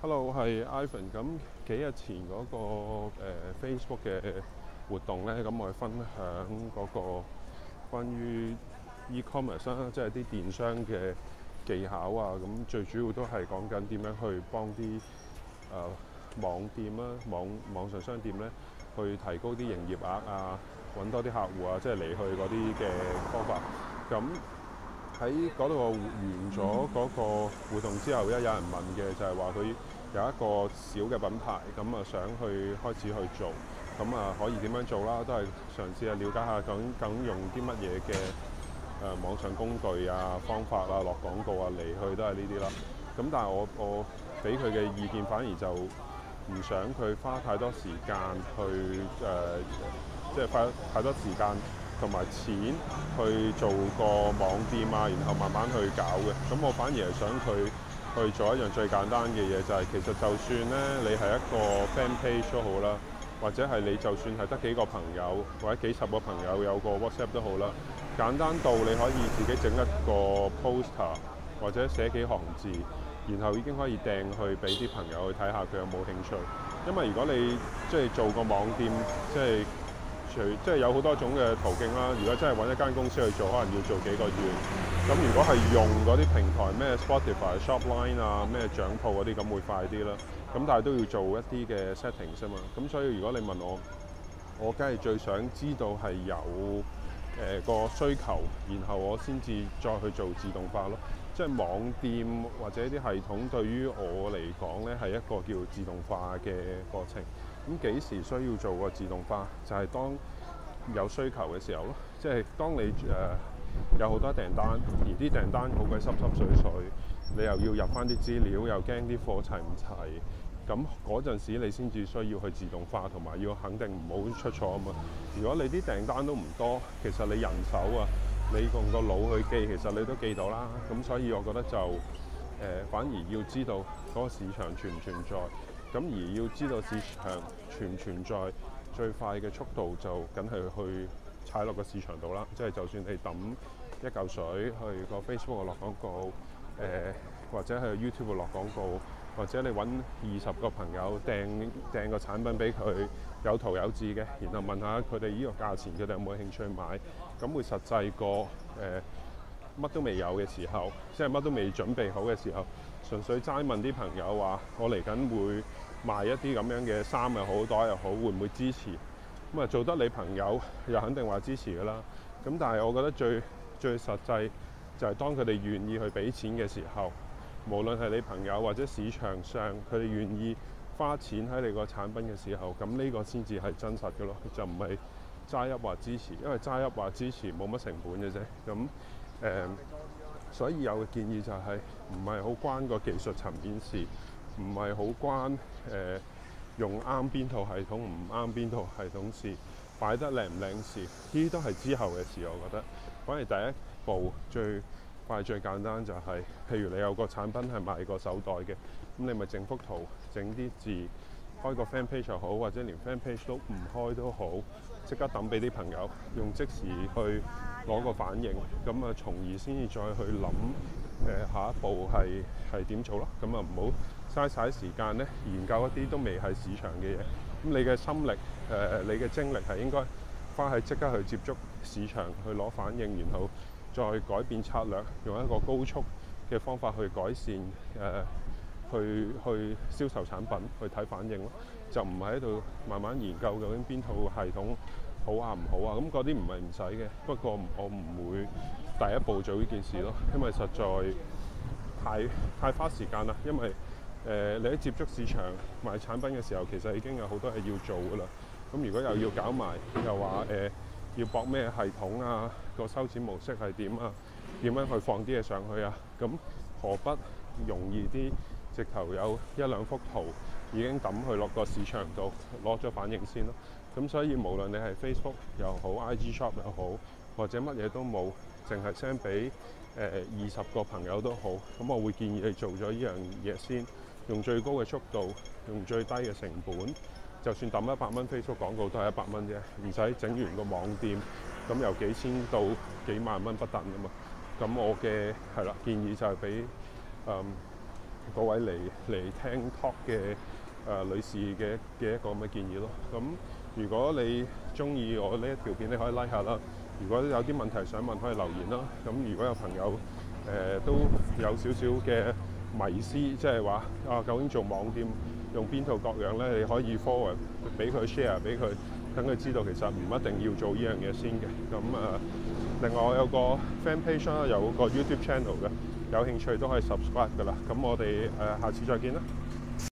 Hello，我係 Ivan。咁幾日前嗰、那個、呃、Facebook 嘅活動咧，咁我哋分享嗰個關於 e-commerce 即、啊、係啲、就是、電商嘅技巧啊，咁最主要都係講緊點樣去幫啲誒、呃、網店啊、網網上商店咧，去提高啲營業額啊，揾多啲客戶啊，即係嚟去嗰啲嘅方法咁。喺嗰度我完咗嗰個活動之後一有人問嘅就係話，佢有一個小嘅品牌，咁啊想去開始去做，咁啊可以點樣做啦？都係嘗試下，了解下講講用啲乜嘢嘅誒網上工具啊、方法啊、落廣告啊、嚟，去都係呢啲啦。咁但係我我俾佢嘅意見，反而就唔想佢花太多時間去誒，即係花太多時間，同埋錢去做個網店啊，然後慢慢去搞嘅。咁我反而係想佢去做一樣最簡單嘅嘢，就係，就係其實就算呢，你係一個 fan page 都好啦，或者係你就算係得幾個朋友或者幾十個朋友有個 WhatsApp 都好啦。簡單到你可以自己整一個 poster，或者寫幾行字，然後已經可以掟去俾啲朋友去睇下佢有冇興趣。因為如果你即係、就係、做個網店，即係。佢即係有好多種嘅途徑啦。如果真係揾一間公司去做，可能要做幾個月。咁如果係用嗰啲平台咩 Shopify、Shopline 啊、咩掌鋪嗰啲，咁會快啲啦。咁但係都要做一啲嘅 setting 啊嘛。咁所以如果你問我，我梗係最想知道係有誒、呃、個需求，然後我先至再去做自動化咯。即、就、係、是、網店或者啲系統對於我嚟講呢，係一個叫自動化嘅過程。咁幾時需要做個自動化？就係當有需求嘅時候咯。即係當你誒有好多訂單，而啲訂單好鬼濕濕碎碎，你又要入翻啲資料，又驚啲貨齊唔齊。咁嗰陣時你先至需要去自動化，同埋要肯定唔好出錯啊嘛。如果你啲訂單都唔多，其實你人手啊～你用個腦去記，其實你都記到啦。咁所以我覺得就、呃、反而要知道嗰個市場存唔存在。咁而要知道市場存唔存在，最快嘅速度就梗係去踩落個市場度啦。即、就、係、係、就算你抌一嚿水去個 Facebook 落廣告，呃、或者去 YouTube 落廣告。.或者你揾二十個朋友訂訂個產品俾佢，有圖有字嘅，然後問下佢哋呢個價錢，佢哋有冇興趣買？咁會實際過誒乜都未有嘅時候，即係乜都未準備好嘅時候，純粹齋問啲朋友話：我嚟緊會賣一啲咁樣嘅衫又好，袋又好，會唔會支持？咁啊做得你朋友又肯定話支持㗎啦。咁但係我覺得最最實際就係當佢哋願意去俾錢嘅時候。無論係你朋友或者市場上，佢哋願意花錢喺你個產品嘅時候，咁呢個先至係真實嘅咯，就唔係齋噏話支持，因為齋噏話支持冇乜成本嘅啫。咁誒、呃，所以有嘅建議就係唔係好關個技術層面事，唔係好關誒、呃、用啱邊套系統唔啱邊套系統事，擺得靚唔靚事，呢啲都係之後嘅事，我覺得。反而第一步最。話最簡單就係、是，譬如你有個產品係賣個手袋嘅，咁你咪整幅圖，整啲字，開個 fan page 又好，或者連 fan page 都唔開都好，即刻揼俾啲朋友，用即時去攞個反應，咁啊從而先至再去諗呃下一步係係點做咯，咁啊唔好嘥晒時間咧研究一啲都未係市場嘅嘢，咁你嘅心力、呃、你嘅精力係應該花去即刻去接觸市場去攞反應，然後。再改變策略，用一個高速嘅方法去改善，呃、去去銷售產品，去睇反應咯。就唔係喺度慢慢研究究竟邊套系統好啊唔好啊。咁嗰啲唔係唔使嘅，不過我唔會第一步做呢件事咯，因為實在太太花時間啦。因為、呃、你喺接觸市場買產品嘅時候，其實已經有好多嘢要做噶啦。咁如果又要搞埋又話要搏咩系統啊？個收錢模式係點啊？點樣去放啲嘢上去啊？咁何不容易啲？直頭有一兩幅圖已經抌去落個市場度，攞咗反應先咯、啊。咁所以無論你係 Facebook 又好，IG Shop 又好，或者乜嘢都冇，淨係 send 俾誒二十個朋友都好。咁我會建議你做咗呢樣嘢先，用最高嘅速度，用最低嘅成本。就算抌一百蚊 Facebook 廣告都係一百蚊啫，唔使整完個網店，咁由幾千到幾萬蚊不等㗎嘛。咁我嘅係啦，建議就係俾誒嗰位嚟嚟聽 talk 嘅誒女士嘅嘅一個咁嘅建議咯。咁如果你中意我呢一條片，你可以 like 下啦。如果有啲問題想問，可以留言啦。咁如果有朋友誒都有少少嘅迷思，即係話啊，究竟做網店？用邊套各樣咧，你可以 forward 俾佢 share 俾佢，等佢知道其實唔一定要做呢樣嘢先嘅。咁啊，另外我有個 fan page 啦，有個 YouTube channel 嘅，有興趣都可以 subscribe 噶啦。咁我哋、呃、下次再見啦。